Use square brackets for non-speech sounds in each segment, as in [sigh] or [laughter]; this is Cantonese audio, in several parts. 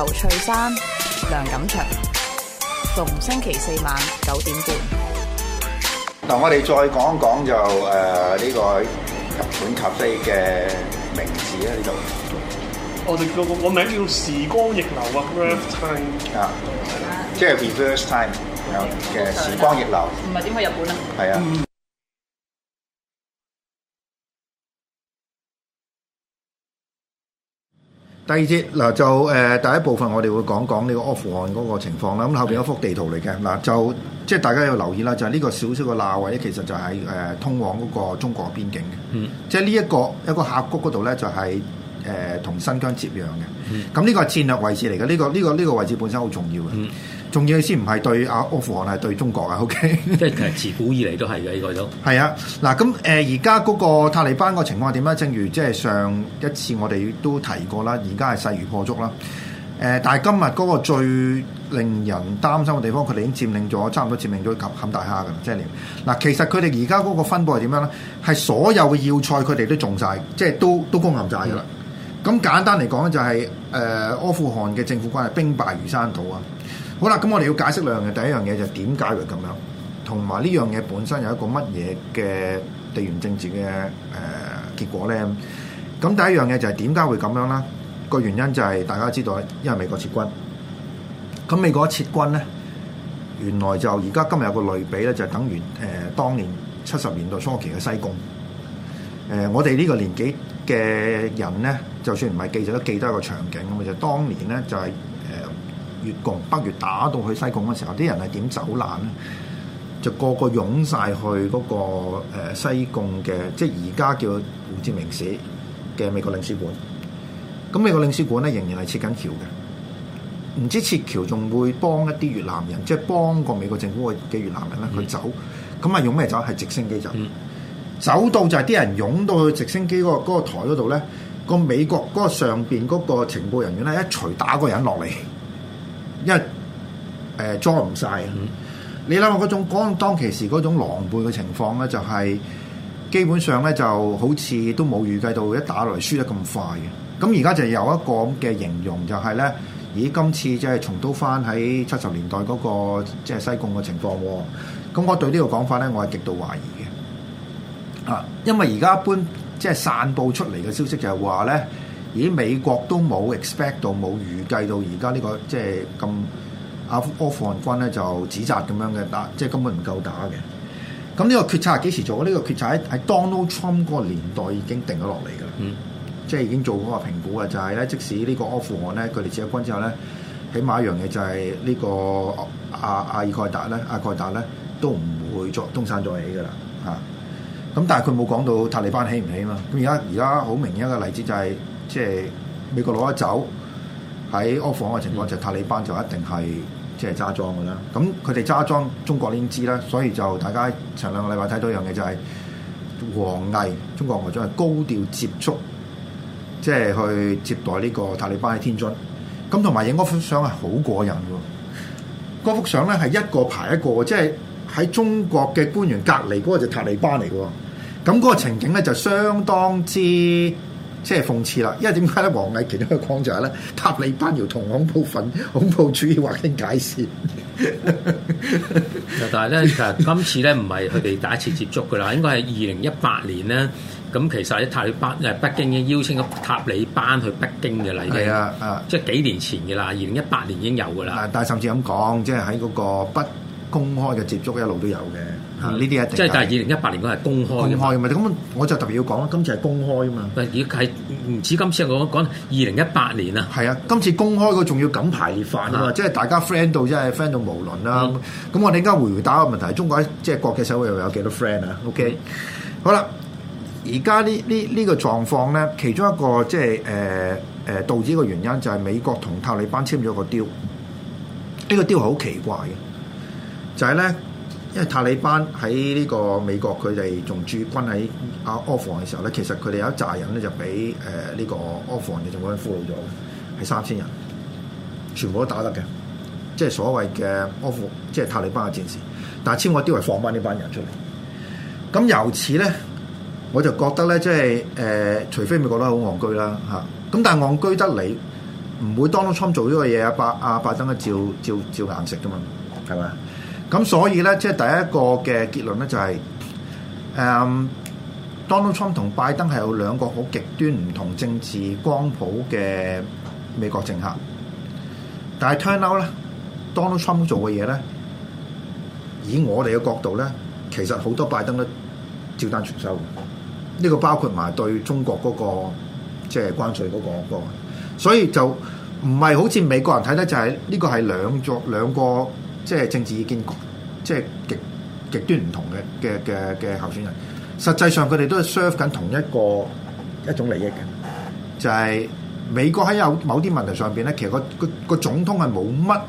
劉翠珊、梁錦祥，逢星期四晚九點半。嗱，我哋再講講就誒呢個日本咖啡嘅名字啊，呢度。我哋個個名叫時光逆流啊，reverse time 啊，即係 reverse time 嘅時光逆流。唔係點去日本啊？係啊。第二節嗱、呃、就誒、呃、第一部分，我哋會講講呢個阿富汗嗰個情況啦。咁、嗯、後邊有幅地圖嚟嘅嗱，就即係大家要留意啦，就係、是、呢個小小嘅罅位，其實就係、是、誒、呃、通往嗰個中國邊境嘅。嗯即、這個，即係呢一個一個峽谷嗰度咧，就係誒同新疆接壤嘅。咁呢、嗯、個是戰略位置嚟嘅，呢、這個呢、這個呢、這個位置本身好重要嘅。嗯。仲要先唔係對阿阿富汗，係對中國啊！OK，即係自古以嚟都係嘅呢個都。係啊，嗱咁誒，而家嗰個塔利班個情況點啊？正如即係上一次我哋都提過啦，而家係勢如破竹啦。誒、呃，但係今日嗰個最令人擔心嘅地方，佢哋已經佔領咗，差唔多佔領咗坎坎大哈嘅，即係嗱、呃，其實佢哋而家嗰個分布係點樣咧？係所有嘅要塞佢哋都種晒，即係都都攻陷晒嘅啦。咁、嗯、簡單嚟講咧，就係誒阿富汗嘅政府關係兵敗如山倒啊！好啦，咁我哋要解釋兩樣嘢。第一樣嘢就係點解會咁樣，同埋呢樣嘢本身有一個乜嘢嘅地緣政治嘅誒結果咧？咁第一樣嘢就係點解會咁樣啦？個原因就係大家知道，因為美國撤軍。咁美國撤軍咧，原來就而家今日有個類比咧，就等於誒當年七十年代初期嘅西貢。誒，我哋呢個年紀嘅人咧，就算唔係記者都記得個場景咁嘅啫。當年咧就係。越共北越打到去西貢嘅時候，啲人係點走難咧？就個個湧晒去嗰個西貢嘅，即係而家叫胡志明市嘅美國領事館。咁美國領事館咧仍然係撤緊僑嘅，唔知撤僑仲會幫一啲越南人，即係幫過美國政府嘅越南人咧去走。咁啊、嗯、用咩走？係直升機走。走到就係啲人湧到直升機嗰、嗰個嗰個台嗰度咧，個美國嗰、嗰個上邊嗰個情報人員咧一捶打一個人落嚟。因為誒裝唔晒，呃、啊！嗯、你諗下嗰種當其時嗰種狼狽嘅情況咧，就係、是、基本上咧就好似都冇預計到一打落嚟輸得咁快嘅、啊。咁而家就有一個咁嘅形容，就係咧，咦？今次即係重蹈翻喺七十年代嗰、那個即係、就是、西貢嘅情況咁、啊、我對這個呢個講法咧，我係極度懷疑嘅啊！因為而家一般即係、就是、散佈出嚟嘅消息就係話咧。而美國都冇 expect 到，冇預計到。而家呢個即係咁，阿富汗軍咧就指責咁樣嘅打，即係根本唔夠打嘅。咁呢個決策係幾時做？呢個決策喺喺 Donald Trump 嗰個年代已經定咗落嚟㗎啦。嗯，即係已經做過個評估嘅，就係咧，即使呢個阿富汗咧佢哋撤軍之後咧，起碼一樣嘢就係呢個阿阿爾蓋達咧，阿蓋達咧都唔會再東山再起㗎啦。嚇、啊！咁但係佢冇講到塔利班起唔起嘛？咁而家而家好明顯一個例子就係。即係美國攞得走，喺安房嘅情況、嗯、就塔利班就一定係即係揸莊嘅啦。咁佢哋揸莊，中國已經知啦，所以就大家前兩個禮拜睇到一樣嘢就係王毅中國外長係高調接觸，即係去接待呢個塔利班喺天津。咁同埋影嗰幅相係好過癮喎。嗰幅相咧係一個排一個，即係喺中國嘅官員隔離嗰個就塔利班嚟嘅。咁嗰個情景咧就相當之。即係諷刺啦，因為點解咧？王毅強嘅框就係咧，塔利班要同恐怖分、恐怖主義劃清界線。 [laughs] [laughs] 但係咧，其實今次咧唔係佢哋第一次接觸嘅啦，應該係二零一八年咧。咁其實喺塔利班誒，北京已經邀請咗塔利班去北京嘅例係啊，啊，即係幾年前嘅啦，二零一八年已經有嘅啦。但係甚至咁講，即係喺嗰個北。公開嘅接觸一路都有嘅，咁呢啲一定即係但係二零一八年嗰係公開嘅，公咁，我就特別要講啦。今次係公開啊嘛。但唔似今次，我講二零一八年啊。係啊，今次公開佢仲要咁排列化嘅嘛，即係、啊啊就是、大家 friend 到，即係 friend 到無倫啦。咁、嗯、我哋而家回回答個問題：中國即係、就是、國際社會又有幾多少 friend 啊？OK，、嗯、好啦，而家呢呢呢個狀況咧，其中一個即係誒誒導致嘅原因就係美國同塔利班簽咗個 deal。呢個 deal 好奇怪嘅。就係咧，因為塔利班喺呢個美國，佢哋仲駐軍喺阿阿富汗嘅時候咧，其實佢哋有一扎人咧就俾誒呢個阿富汗嘅軍官俘虜咗，係三千人，全部都打得嘅，即係所謂嘅阿富汗，即係塔利班嘅戰士。但係簽我啲為放翻呢班人出嚟。咁由此咧，我就覺得咧，即係誒、呃，除非美國都好戇居啦嚇。咁、啊、但係戇居得嚟，唔會 Donald Trump 做呢個嘢阿拜、啊、拜登嘅照照照硬食㗎嘛，係咪？咁所以咧，即係第一個嘅結論咧，就係誒 Donald Trump 同拜登係有兩個好極端唔同政治光譜嘅美國政客。但係 turn out 咧，Donald Trump 做嘅嘢咧，以我哋嘅角度咧，其實好多拜登都照單全收嘅。呢個包括埋對中國嗰個即係關稅嗰個嗰個，所以就唔係好似美國人睇得就係呢個係兩座兩個。即係政治意見，即係極極端唔同嘅嘅嘅嘅候選人，實際上佢哋都係 serve 緊同一個一種利益嘅， [noise] 就係美國喺有某啲問題上邊咧，其實個個個總統係冇乜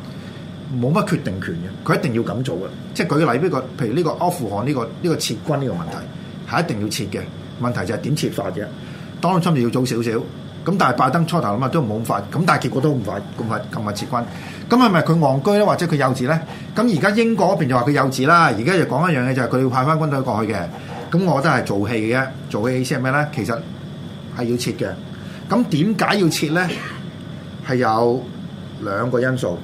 冇乜決定權嘅，佢一定要咁做嘅，即係舉個例，俾個譬如呢個阿富汗呢個呢個撤軍呢個問題係一定要撤嘅，問題就係點撤法啫，當心要早少少。咁但係拜登初頭啊嘛都唔好咁快，咁但係結果都唔快，咁快咁快撤軍，咁係咪佢戇居咧，或者佢幼稚咧？咁而家英國嗰邊就話佢幼稚啦，而家就講一樣嘢就係佢要派翻軍隊過去嘅，咁我覺得係做戲嘅，做戲意思係咩咧？其實係要撤嘅，咁點解要撤咧？係有兩個因素，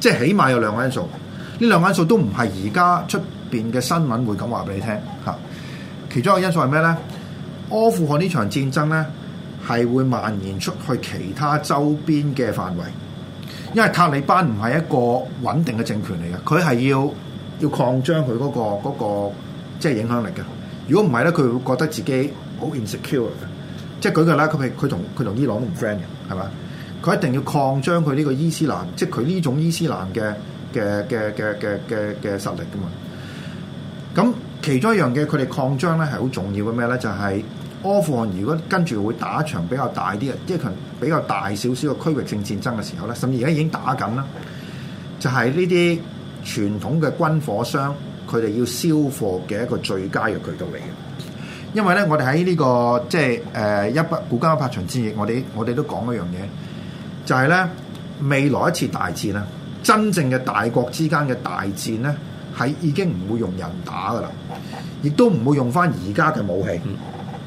即係起碼有兩個因素，呢兩個因素都唔係而家出面嘅新聞會咁話俾你聽吓。其中一個因素係咩咧？阿富汗呢場戰爭咧？係會蔓延出去其他周邊嘅範圍，因為塔利班唔係一個穩定嘅政權嚟嘅，佢係要要擴張佢嗰個嗰個即係影響力嘅。如果唔係咧，佢會覺得自己好 insecure 嘅。即係舉個例，佢佢同佢同伊朗都唔 friend 嘅，係咪？佢一定要擴張佢呢個伊斯蘭，即係佢呢種伊斯蘭嘅嘅嘅嘅嘅嘅嘅實力噶嘛。咁其中一樣嘅，佢哋擴張咧，係好重要嘅咩咧？就係。科防如果跟住會打一場比較大啲嘅，即係比較大少少嘅區域性戰爭嘅時候咧，甚至而家已經打緊啦，就係呢啲傳統嘅軍火商佢哋要銷貨嘅一個最佳嘅渠道嚟嘅。因為咧，我哋喺呢個即係誒一筆《古家百場戰役》我，我哋我哋都講一樣嘢，就係、是、咧未來一次大戰咧，真正嘅大國之間嘅大戰咧，係已經唔會用人打噶啦，亦都唔會用翻而家嘅武器。嗯。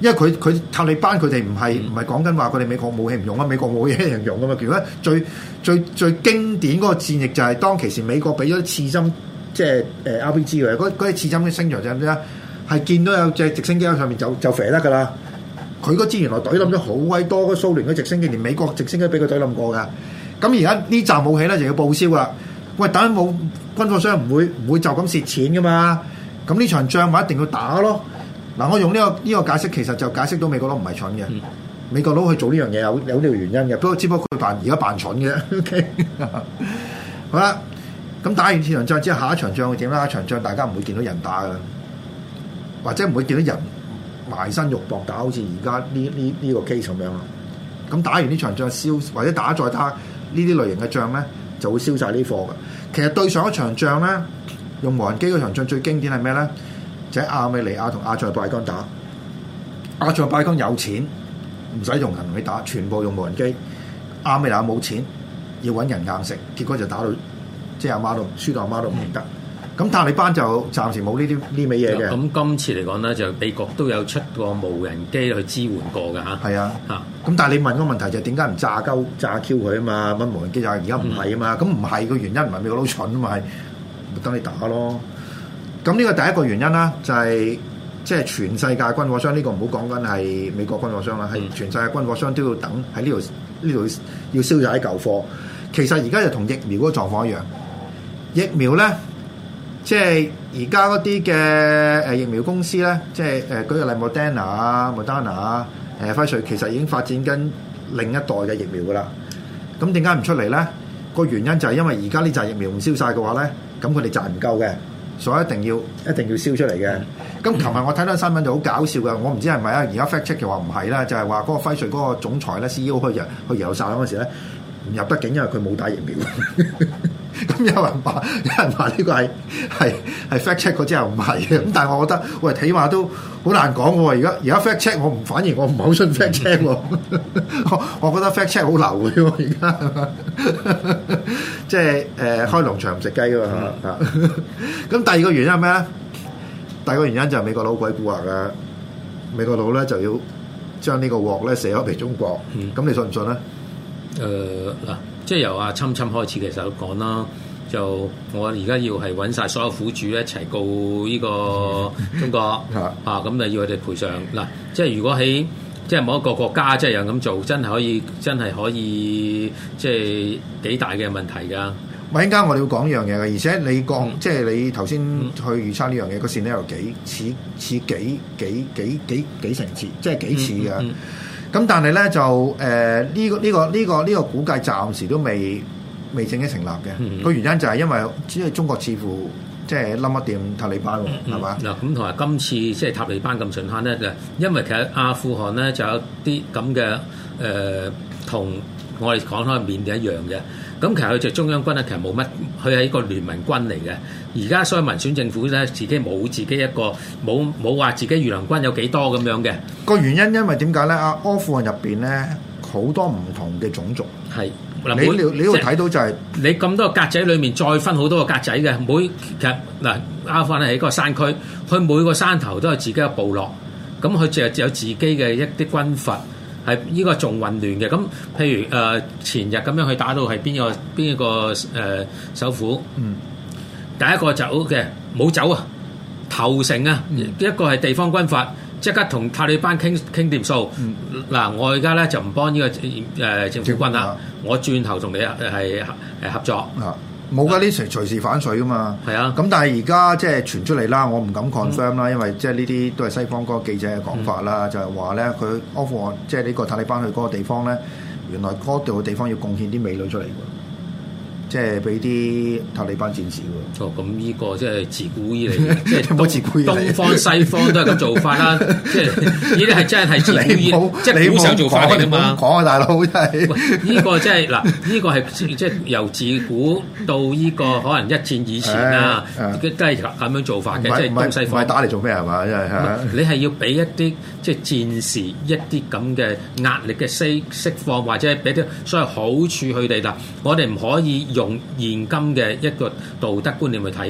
因為佢佢塔利班佢哋唔係唔係講緊話佢哋美國武器唔用啊，美國武器一樣用噶嘛。其實最最最經典嗰個戰役就係當其時美國俾咗刺針，即係誒、呃、RPG 嗰啲刺針嘅升陽就係、是、咩？咧？係見到有隻直升機喺上面就就肥得㗎啦。佢嗰支原來懟冧咗好鬼多，蘇聯嗰直升機連美國的直升機俾佢懟冧過㗎。咁而家呢紮武器咧就要報銷啦。喂，等緊冇軍火商唔會唔會就咁蝕錢㗎嘛？咁呢場仗咪一定要打咯！嗱、啊，我用呢、呢個呢、呢個解釋，其實就解釋到美國佬唔係蠢嘅。嗯、美國佬去做呢樣嘢有有呢個原因嘅，不過只不過佢扮而家扮蠢嘅。O、okay? K， [laughs] 好啦，咁打完次場仗之後，下一場仗會點啦？下一場仗大家唔會見到人打嘅，或者唔會見到人埋身肉搏打，好似而家呢呢呢個 case 咁樣啦。咁打完呢場仗燒，或者打再打呢啲類型嘅仗咧，就會燒晒呢貨嘅。其實對上一場仗咧，用無人機嗰場仗最經典係咩咧？喺亞美尼亞同阿塞拜疆打，阿塞拜疆有錢，唔使用,用人去打，全部用無人機。亞美尼亞冇錢，要搵人硬食，結果就打到即係阿媽都輸，到阿媽都唔認得。咁塔、嗯、利班就暫時冇呢啲呢味嘢嘅。咁、嗯、今次嚟講咧，就美國都有出過無人機去支援過噶吓。係啊，吓咁、啊、但係你問個問題就係點解唔炸鳩炸 Q 佢啊嘛？乜無人機炸而家唔係啊嘛？咁唔係個原因唔係美國佬蠢啊嘛？咪等你打咯。咁呢個第一個原因啦，就係即係全世界軍火商呢、呢個唔好講緊係美國軍火商啦，係、嗯、全世界軍火商都要等喺呢度，呢度要燒晒啲舊貨。其實而家就同疫苗嗰個狀況一樣，疫苗咧，即係而家嗰啲嘅誒疫苗公司咧，即係誒舉個例 Moderna 啊，Moderna 誒輝瑞其實已經發展緊另一代嘅疫苗噶啦。咁點解唔出嚟咧？個原因就係因為而家呢扎疫苗唔燒晒嘅話咧，咁佢哋賺唔夠嘅。所以一定要一定要燒出嚟嘅。咁琴日我睇到新聞就好搞笑嘅，我唔知係咪啊？而家 fact check 嘅話唔係啦，就係話嗰個輝瑞嗰個總裁咧，CEO 去去耶路撒冷嗰時咧，唔入得境，因為佢冇打疫苗。 [laughs] 咁有人話，有人話呢個係係係 fact check 之後唔係嘅，咁但係我覺得，喂，起碼都好難講喎。而家而家 fact check 我唔，反而我唔係好信 fact check 喎、嗯。 [laughs] 我覺得 fact check 好流嘅喎，而家， [laughs] 即係誒、呃、開農場唔食雞嘅喎，咁、嗯、吧 [laughs] 第二個原因係咩咧？第二個原因就係美國佬鬼蠱惑㗎！美國佬咧就要將呢個鑊咧射咗俾中國。咁、嗯、你信唔信咧？誒嗱、呃。即係由阿侵侵開始，其實講啦，就我而家要係揾晒所有苦主一齊告呢個中國 [laughs] 啊，咁就要佢哋賠償嗱。即係如果喺即係某一個國家即係有咁做，真係可以，真係可以，即係幾大嘅問題㗎。喂，陣間我哋要講一樣嘢嘅，而且你講、嗯、即係你頭先去預測呢樣嘢，嗯、個線咧有幾次似似幾幾幾幾幾成似，即係幾似啊！嗯嗯嗯咁但係咧就誒，呢個呢個呢個呢個估計暫時都未未正式成立嘅個原因就係因為只係中國似乎即係冧一啲塔利班喎，係嘛？嗱，咁同埋今次即係塔利班咁順攤咧，就因為其實阿富汗咧就有啲咁嘅誒，同我哋講開緬甸一樣嘅，咁其實佢就中央軍咧其實冇乜，佢係一個聯盟軍嚟嘅。而家所謂民選政府咧，自己冇自己一個冇冇話自己越良軍有幾多咁樣嘅個原因，因為點解咧？阿阿富汗入邊咧，好多唔同嘅種族係，嗱，你你會睇、就是、到就係、是、你咁多格仔裏面再分好多個格仔嘅每其實嗱，阿富汗喺一個山區，佢每個山頭都有自己嘅部落，咁佢就有自己嘅一啲軍閥係呢個仲混亂嘅。咁譬如誒、呃、前日咁樣去打到係邊個邊一個誒首、呃、府嗯。第一個走嘅冇走啊，投誠啊！一個係地方軍閥即刻同塔利班傾傾掂數。嗱、mm.，我而家咧就唔幫呢個誒政府軍啊。嗯、我轉頭同你係誒合作。冇噶、嗯，呢、嗯、成隨時反水噶嘛。係、嗯、啊，咁但係而家即係傳出嚟啦，我唔敢 confirm 啦，因為即係呢啲都係西方嗰個記者嘅講法啦，嗯、就係話咧佢阿富汗即係呢個塔利班去嗰個地方咧，原來嗰度地方要貢獻啲美女出嚟。即係俾啲塔利班戰士喎。哦，咁呢個即係自古以嚟，即係 [laughs] 東、東方西方都係咁做法啦、啊。即係呢啲係真係係自古，即係好想做法嚟啊嘛。講啊，大佬。呢、就是這個即係嗱，呢、這個係即係由自古到呢個可能一戰以前啊， [laughs] 都係咁樣做法嘅，即係、啊啊、東西方打嚟做咩係嘛？即係你係要俾一啲即係戰士一啲咁嘅壓力嘅釋釋放，或者係俾啲所謂好處佢哋啦。我哋唔可以。用現今嘅一個道德觀念去睇，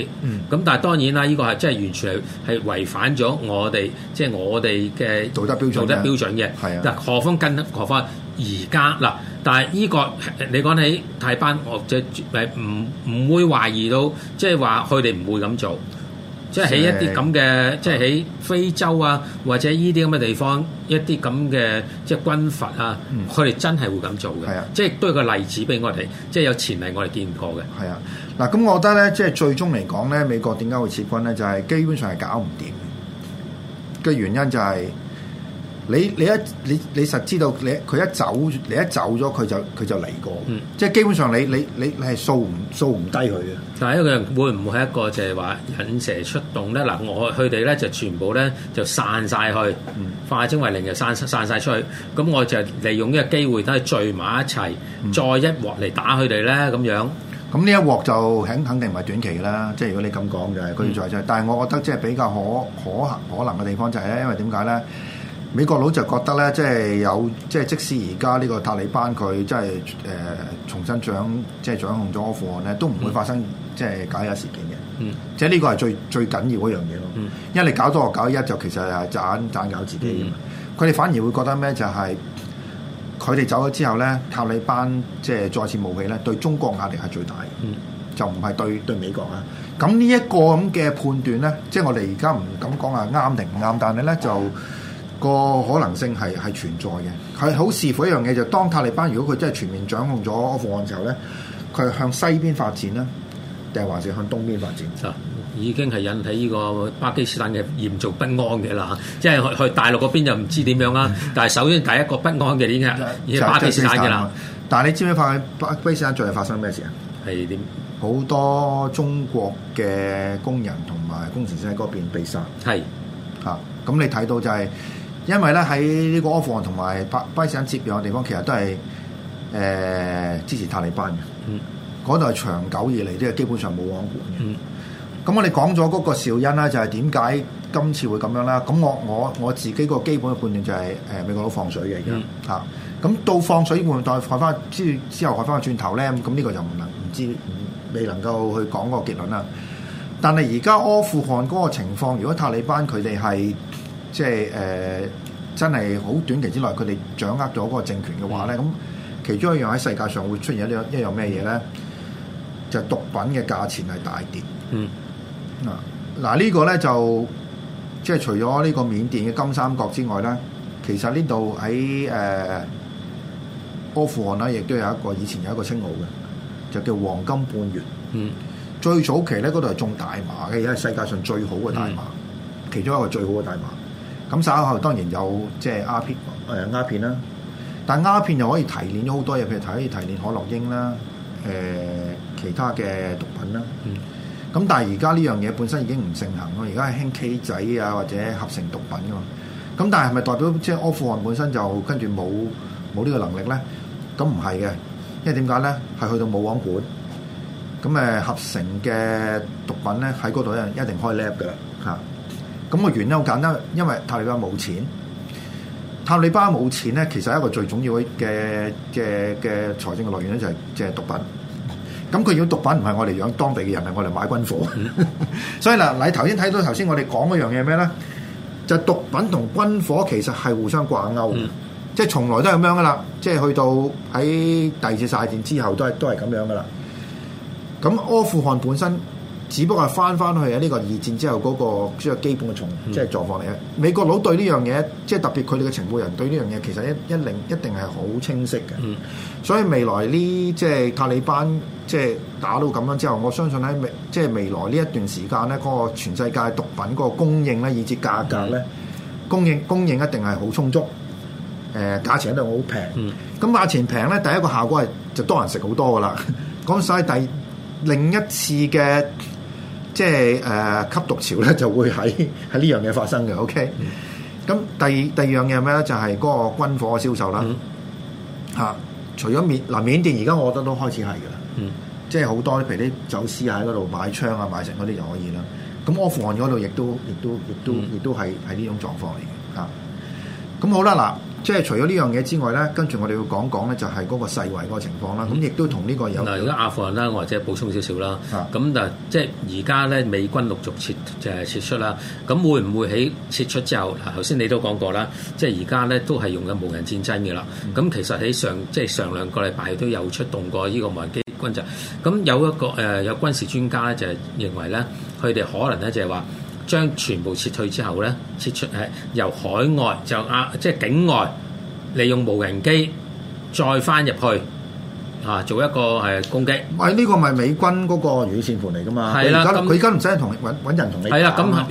咁但係當然啦，呢、呢個係真係完全係違反咗我哋即、即係、我哋嘅道德標準嘅。道德標準嘅，嗱係啊何況更何況而家嗱，但係、呢、呢個你講起泰班，我即係唔唔會懷疑到，即係話佢哋唔會咁做。即喺一啲咁嘅，是即喺非洲啊，或者依啲咁嘅地方，一啲咁嘅即軍閥啊，佢哋、嗯、真係會咁做嘅。係啊，即都有個例子俾我哋，即有前例我哋見過嘅。係啊，嗱咁我覺得咧，即最終嚟講咧，美國點解會撤軍咧？就係、是、基本上係搞唔掂嘅、嘅原因就係、是。你你一你你實知道你佢一走你一走咗佢就佢就嚟過，嗯、即係基本上你你你你係掃唔掃唔低佢嘅。但係一個人會唔會係一個就係話引蛇出洞咧？嗱，我佢哋咧就全部咧就散晒去，化整為零就散散曬出去。咁我就利用呢個機會都係聚埋一齊，嗯、再一鑊嚟打佢哋咧咁樣。咁呢一鑊就肯肯定唔係短期啦，即係如果你咁講就係佢再出。嗯、但係我覺得即係比較可可行可能嘅地方就係、是、咧，因為點解咧？美國佬就覺得咧，即係有即係，即使而家呢個塔利班佢即係誒、呃、重新掌即係掌控咗阿富汗咧，都唔會發生、嗯、即係搞一事件嘅。嗯，即係呢個係最最緊要嗰樣嘢咯。嗯，因為你搞多個搞一就其實係盞盞搞自己嘅嘛。佢哋、嗯、反而會覺得咩？就係佢哋走咗之後咧，塔利班即係再次冒起咧，對中國壓力係最大嘅。嗯、就唔係對對美國啦。咁呢一個咁嘅判斷咧，即係我哋而家唔敢講係啱定唔啱，但係咧就。個可能性係係存在嘅，佢好視乎一樣嘢就係當塔利班如果佢真係全面掌控咗阿富汗嘅時候咧，佢向西邊發展啦，定係還是向東邊發展？啊，已經係引起呢個巴基斯坦嘅嚴重不安嘅啦，即係去大陸嗰邊又唔知點樣啦。但係首先第一個不安嘅呢啲係巴基斯坦嘅啦。但係你知唔知發喺巴基斯坦最近發生咩事啊？係點？好多中國嘅工人同埋工程師喺嗰邊被殺。係是啊，咁你睇到就係、是。因為咧喺呢個阿富汗同埋巴基斯坦接壤嘅地方，其實都係誒、呃、支持塔利班嘅。嗯，嗰度係長久以嚟，都係基本上冇往過嘅。咁、嗯、我哋講咗嗰個肇因啦，就係點解今次會咁樣啦？咁我我我自己個基本嘅判斷就係、是、誒、呃、美國都放水嘅，咁、嗯、啊，咁到放水換代，換翻之之後，換翻個轉頭咧，咁呢個就唔能唔知未能夠去講個結論啦。但係而家阿富汗嗰個情況，如果塔利班佢哋係，即係誒、呃，真係好短期之內，佢哋掌握咗嗰個政權嘅話咧，咁、嗯、其中一樣喺世界上會出現一樣一樣咩嘢咧？嗯、就係毒品嘅價錢係大跌。嗯。嗱嗱、啊，這個、呢個咧就即係除咗呢個緬甸嘅金三角之外咧，其實呢度喺誒阿富汗咧，亦都有一個以前有一個稱號嘅，就叫黃金半月。嗯。最早期咧，嗰度係種大麻嘅，而係世界上最好嘅大麻，嗯、其中一個最好嘅大麻。咁稍後，當然有即係鴉片，誒鴉片啦。但鴉片又可以提煉咗好多嘢，譬如提可以提煉可樂英啦，誒其他嘅毒品啦。咁但係而家呢樣嘢本身已經唔盛行咯，而家係興 K 仔啊，或者合成毒品噶嘛。咁但係係咪代表即係阿富汗本身就跟住冇冇呢個能力咧？咁唔係嘅，因為點解咧？係去到冇王管，咁誒合成嘅毒品咧喺嗰度一定開 lab 嘅嚇。咁個原因好簡單，因為塔利班冇錢。塔利班冇錢咧，其實係一個最重要嘅嘅嘅財政嘅來源咧就係即係毒品。咁佢如果毒品唔係我哋養當地嘅人，係我哋買軍火。 [laughs] 所以嗱，你頭先睇到頭先我哋講嗰樣嘢咩咧？就是，毒品同軍火其實係互相掛鈎，嗯、即係從來都係咁樣噶啦。即係去到喺第二次大戰之後都是，都係都係咁樣噶啦。咁阿富汗本身。只不過係翻翻去啊！呢個二戰之後嗰個即係基本嘅狀、嗯、即係狀況嚟咧。美國佬對呢樣嘢，即係特別佢哋嘅情報人對呢樣嘢，其實一一零一定係好清晰嘅。嗯、所以未來呢即係塔利班即係打到咁樣之後，我相信喺未即係未來呢一段時間咧，嗰、嗰個全世界毒品嗰個供應咧，以至價格咧，供應供應一定係好充足。誒、呃，價錢一定好平。嗯，咁價錢平咧，第一個效果係就多人食好多噶啦。講 [laughs] 晒，第另一次嘅。即係誒、呃、吸毒潮咧，就會喺喺呢樣嘢發生嘅。OK，咁第、嗯、第二樣嘢咩咧？就係、是、嗰個軍火嘅銷售啦。嚇、嗯啊，除咗緬嗱緬甸，而家我覺得都開始係噶啦。嗯即，即係好多譬如啲走私喺嗰度買槍啊、買成嗰啲就可以啦。咁阿富汗嗰度亦都亦都亦都亦都係係呢種狀況嚟嘅。嚇、啊，咁好啦啦嗱。即係除咗呢樣嘢之外咧，跟住我哋要講講咧，就係嗰個世衛個情況啦。咁亦都同呢個有嗱，如果阿富汗咧，我或者補充少少啦。咁但係即係而家咧，美軍陸續撤就係撤出啦。咁會唔會喺撤出之後？嗱，頭先你都講過啦，即係而家咧都係用緊無人戰爭嘅啦。咁、嗯、其實喺上即係上兩個禮拜都有出動過呢個無人機軍陣。咁有一個誒、呃、有軍事專家咧，就係、是、認為咧，佢哋可能咧就係話。將全部撤退之後咧，撤出誒由海外就啊，即係境外利用無人機再翻入去啊，做一個係攻擊。喂，呢個咪美軍嗰個魚線盤嚟噶嘛？係啦，佢而家唔使同搵人同你係啊。咁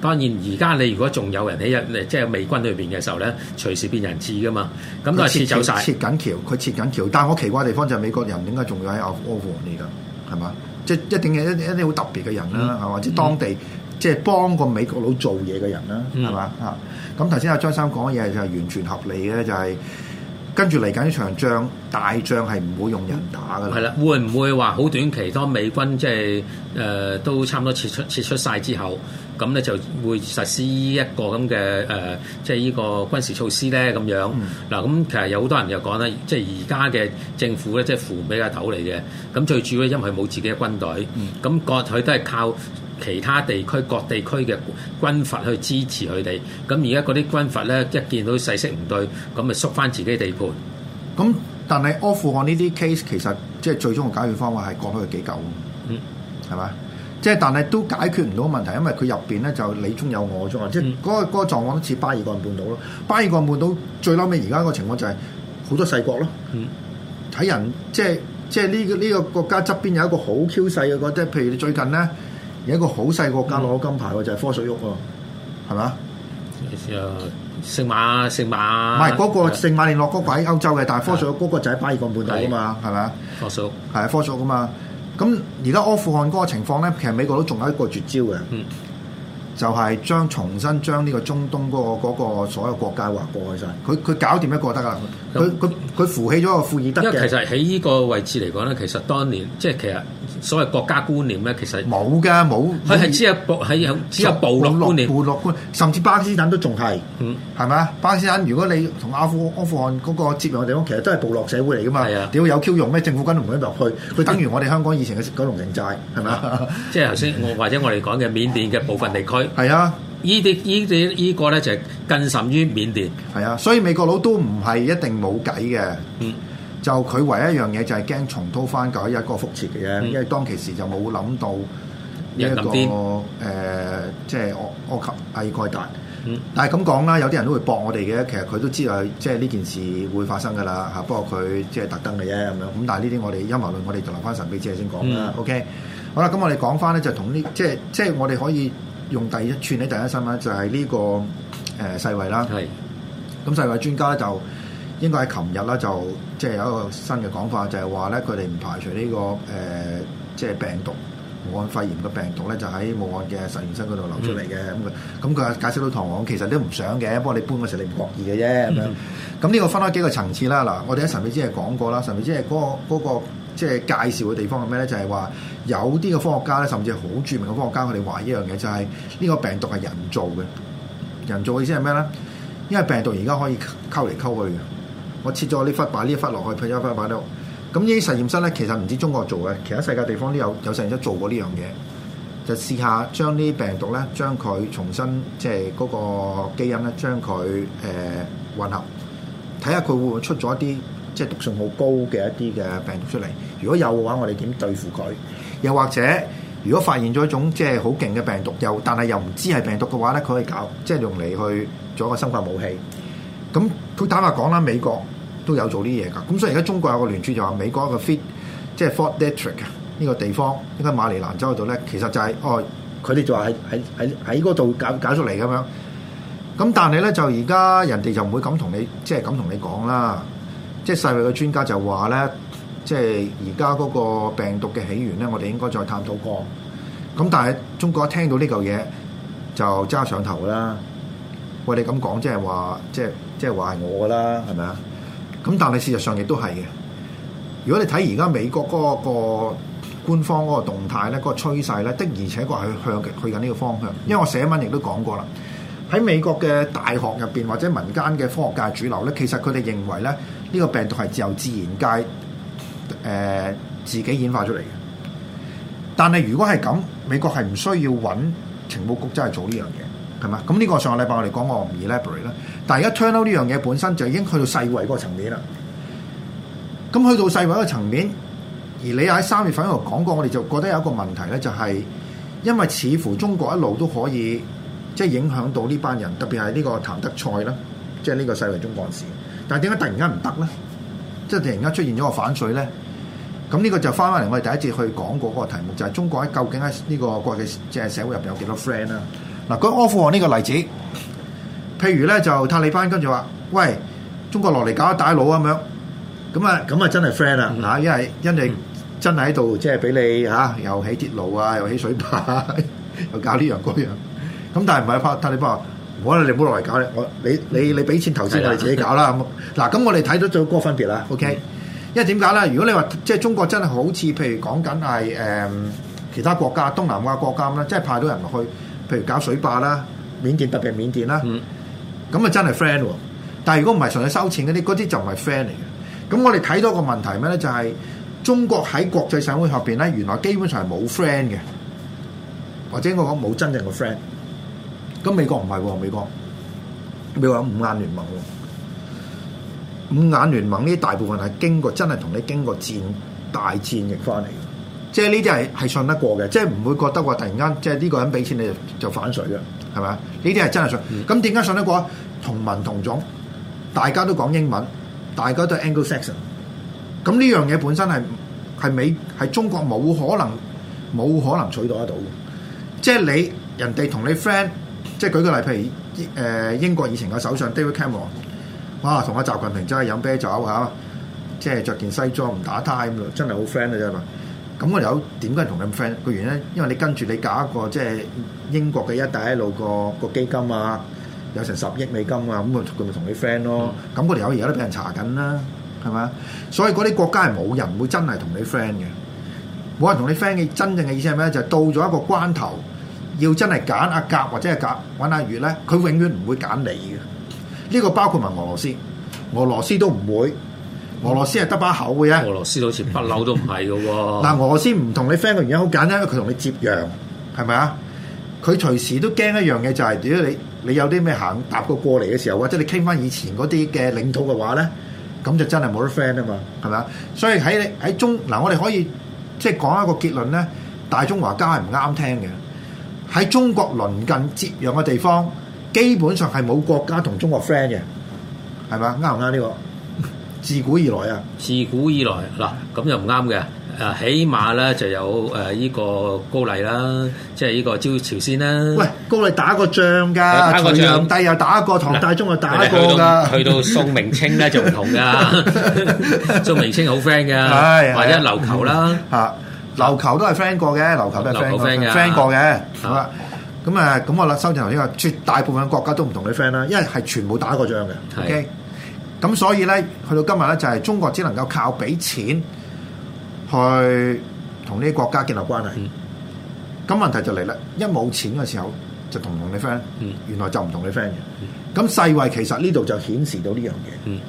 當然而家你如果仲有人喺入嚟即係美軍裏邊嘅時候咧，隨時變人質噶嘛。咁就撤走晒，撤緊橋，佢撤緊橋。但我奇怪地方就係美國人應該仲要喺阿富汗嚟㗎，係嘛？即係一定係一啲一啲好特別嘅人啦，係或者當地即係幫過美國佬做嘢嘅人啦，係嘛啊？咁頭先阿張生講嘅嘢就係完全合理嘅，就係、是。跟住嚟緊呢場仗，大仗係唔會用人打㗎。係啦，會唔會話好短期？當美軍即係誒都差唔多撤出撤出晒之後，咁咧就會實施呢一個咁嘅即係呢個軍事措施咧咁樣。嗱、嗯，咁其實有好多人又講啦，即係而家嘅政府咧，即係扶不起嘅阿斗嚟嘅。咁最主要因為佢冇自己嘅軍隊，咁個佢都係靠。其他地區各地區嘅軍閥去支持佢哋，咁而家嗰啲軍閥咧一見到勢色唔對，咁咪縮翻自己地盤。咁但係阿富汗呢啲 case 其實即係最終嘅解決方法係割開佢幾嚿，嗯，係嘛？即係但係都解決唔到問題，因為佢入邊咧就你中有我啫嘛，即係嗰、嗰個嗰、嗯、個狀況都似巴爾幹半島咯。巴爾幹半島最嬲尾而家個情況就係好多細國咯，睇、嗯、人即係即係呢個呢個國家側邊有一個好 q 細嘅即啲，譬如你最近咧。而一個好細國家攞金牌喎，就係的吧科索沃喎，係嘛？成馬成馬唔係嗰個成馬連落個鬼歐洲嘅，但係科索沃嗰個就喺巴爾幹半島㗎嘛，係咪？科索沃係科索沃嘛？咁而家阿富汗嗰個情況咧，其實美國都仲有一個絕招嘅。嗯、就係將重新將呢個中東嗰個嗰個所有國家劃過去晒。佢佢搞掂一個得㗎，佢佢佢扶起咗個庫爾德。因為其實喺呢個位置嚟講咧，其實當年即係其實所謂國家觀念咧，其實冇嘅，冇。佢係只有部喺有，以只有部落，落觀念。部落觀，甚至巴基斯坦都仲係，嗯，係咪啊？巴基斯坦如果你同阿富阿富汗嗰個接壤嘅地方，其實都係部落社會嚟噶嘛。係啊，屌有 Q 用咩？政府軍唔肯落去，佢等於我哋香港以前嘅九龍城寨，係咪啊？ [laughs] 即係頭先我或者我哋講嘅緬甸嘅部分地區。係啊，呢啲呢啲呢個咧就係更甚於緬甸。係啊，所以美國佬都唔係一定冇計嘅。嗯。就佢唯一一樣嘢就係驚重蹈翻舊，一個覆轍嘅啫。嗯、因為當其時就冇諗到一個誒，即係我我蓋達。但係咁講啦，有啲人都會駁我哋嘅。其實佢都知道，即係呢件事會發生噶啦吓。不過佢即係特登嘅啫咁樣。咁但係呢啲我哋陰謀論我哋就留翻神秘之夜先講啦。嗯、OK，好啦，咁我哋講翻咧就同呢，即係即係我哋可以用第一串呢第一新聞就係呢、呢個、呃、世衞啦。咁是世衞專家就。應該喺琴日啦，就即、是、係有一個新嘅講法，就係話咧，佢哋唔排除呢、這個誒、呃，即係病毒，武漢肺炎嘅病毒咧，就喺武漢嘅實驗室嗰度流出嚟嘅，咁咁佢又解釋到唐王，其實都唔想嘅，不過你搬嗰時你唔覺意嘅啫咁樣。咁呢、嗯、哼個分開幾個層次啦。嗱，我哋喺神秘之夜講過啦，神秘之夜嗰、那個即係、那個那個、介紹嘅地方係咩咧？就係、是、話有啲嘅科學家咧，甚至係好著名嘅科學家，佢哋話一樣嘢就係、是、呢個病毒係人造嘅。人造嘅意思係咩咧？因為病毒而家可以溝嚟溝去嘅。我切咗呢 f i 呢 f i 落去配咗 f i b 度，咁呢啲實驗室咧，其實唔知中國做嘅，其他世界地方都有有實驗室做過呢樣嘢，就試下將啲病毒咧，將佢重新即係嗰個基因咧，將佢誒、呃、混合，睇下佢會唔會出咗一啲即係毒性好高嘅一啲嘅病毒出嚟。如果有嘅話，我哋點對付佢？又或者如果發現咗一種即係好勁嘅病毒，又但係又唔知係病毒嘅話咧，佢可以搞即係、就是、用嚟去做一個生化武器。咁佢坦白講啦，美國。都有做啲嘢㗎，咁所以而家中國有個聯署就話美國一個 fit，即係 Fort Detrick 呢個地方，應該馬里蘭州嗰度咧，其實就係、是、哦，佢哋就喺喺喺喺嗰度搞搞出嚟咁樣。咁但係咧，就而家人哋就唔會咁同你，即係咁同你講啦。即、就、係、是、世衛嘅專家就話咧，即係而家嗰個病毒嘅起源咧，我哋應該再探討過。咁但係中國一聽到呢嚿嘢，就揸上頭、就是就是、是我啦。喂，你咁講即係話，即係即係話係我㗎啦，係咪啊？咁但係事實上亦都係嘅。如果你睇而家美國嗰個官方嗰個動態咧，嗰個趨勢咧，的而且確係向去緊呢個方向。因為我寫文亦都講過啦，喺美國嘅大學入邊或者民間嘅科學界主流咧，其實佢哋認為咧，呢個病毒係自由自然界誒、呃、自己演化出嚟嘅。但係如果係咁，美國係唔需要揾情報局真係做呢樣嘢。咁呢個上個禮拜我哋講過我唔 elaborate 啦，但係而家 turnout 呢樣嘢本身就已經去到世衛嗰個層面啦。咁去到世衛嗰個層面，而你喺三月份嗰度講過，我哋就覺得有一個問題咧，就係、是、因為似乎中國一路都可以即係影響到呢班人，特別係呢個譚德賽啦，即係呢個世衛總幹事。但係點解突然間唔得咧？即係突然間出現咗個反水咧？咁呢個就翻翻嚟，我哋第一節去講過嗰個題目，就係、是、中國喺究竟喺呢個國際即係社會入邊有幾多 friend 啦、啊？嗱，講阿富汗呢個例子，譬如咧就塔利班跟住話，喂，中國落嚟搞大佬咁、啊、樣，咁啊，咁啊真係 friend 啊，嚇、嗯！因為因為真係喺度，即係俾你嚇，又起鐵路啊，又起水壩、啊， [laughs] 又搞呢樣嗰樣。咁、嗯、但係唔係怕塔利班，唔好啦，你唔好落嚟搞咧，我你你你俾錢投資，我哋自己搞啦。嗱、嗯，咁 [laughs] 我哋睇到仲有個分別啦、嗯，OK？因為點解咧？如果你話即係中國真係好似譬如講緊係誒其他國家東南亞國家咁咧，即係派到人去。譬如搞水壩啦，緬甸，特別係緬甸啦，咁啊、嗯、真係 friend 喎。但係如果唔係純粹收錢嗰啲，嗰啲就唔係 friend 嚟嘅。咁我哋睇到一個問題咩咧？就係中國喺國際社會入邊咧，原來基本上係冇 friend 嘅，或者我講冇真正嘅 friend。咁美國唔係，美國，你話五眼聯盟喎，五眼聯盟呢？大部分係經過真係同你經過戰大戰役翻嚟。即係呢啲係係信得過嘅，即係唔會覺得話突然間即係呢個人俾錢你就就反水啦，係咪啊？呢啲係真係信。咁點解信得過啊？同文同種，大家都講英文，大家都 Anglo-Saxon。咁呢樣嘢本身係係美係中國冇可能冇可能取代得到嘅。即係你人哋同你 friend，即係舉個例，譬如誒英國以前嘅首相 David Cameron，同阿習近平真係飲啤酒嚇，啊，即係着件西裝唔打呔咁咯，真係好 friend 啊真係。咁我有點解同你咁 friend？個原因呢，因為你跟住你搞一個即係英國嘅一帶一路個個基金啊，有成十億美金啊，咁佢咪同你 friend 咯？咁我哋有而家都俾人查緊啦，係咪？所以嗰啲國家係冇人會真係同你 friend 嘅，冇人同你 friend 嘅真正嘅意思係咩？就係、到咗一個關頭，要真係揀阿甲或者係甲揾阿乙咧，佢永遠唔會揀你嘅。呢、呢個包括埋俄羅斯，俄羅斯都唔會。俄羅斯係得把口嘅啫，俄羅斯好似不嬲都唔係嘅喎。嗱， [laughs] 俄羅斯唔同你 friend 嘅原因好簡單，因為佢同你接壤，係咪啊？佢隨時都驚一樣嘢，就是，就係如果你你有啲咩行搭過過嚟嘅時候，或者你傾翻以前嗰啲嘅領土嘅話咧，咁就真係冇得 friend 啊嘛，係咪啊？所以喺喺中嗱，我哋可以即係講一個結論咧，大中華家係唔啱聽嘅。喺中國鄰近接壤嘅地方，基本上係冇國家同中國 friend 嘅，係咪啊？啱唔啱呢個？自古以來啊，自古以來嗱，咁又唔啱嘅。誒，起碼咧就有誒依個高麗啦，即係呢個朝朝鮮啦。喂，高麗打過仗㗎，隋煬帝又打過，唐太宗又打過㗎。去到宋明清咧就唔同㗎。宋明清好 friend 㗎，或者琉球啦嚇，琉球都係 friend 過嘅，琉球都係 friend friend 過嘅。好啦，咁啊，咁我啦，收緊頭呢個絕大部分國家都唔同你 friend 啦，因為係全部打過仗嘅。係。咁所以咧，去到今日咧就係、是、中國只能夠靠俾錢去同呢啲國家建立關係。咁、嗯、問題就嚟啦，一冇錢嘅時候就同唔同你 friend。嗯、原來就唔同你 friend 嘅。咁、嗯、世衛其實呢度就顯示到呢樣嘢。嗯、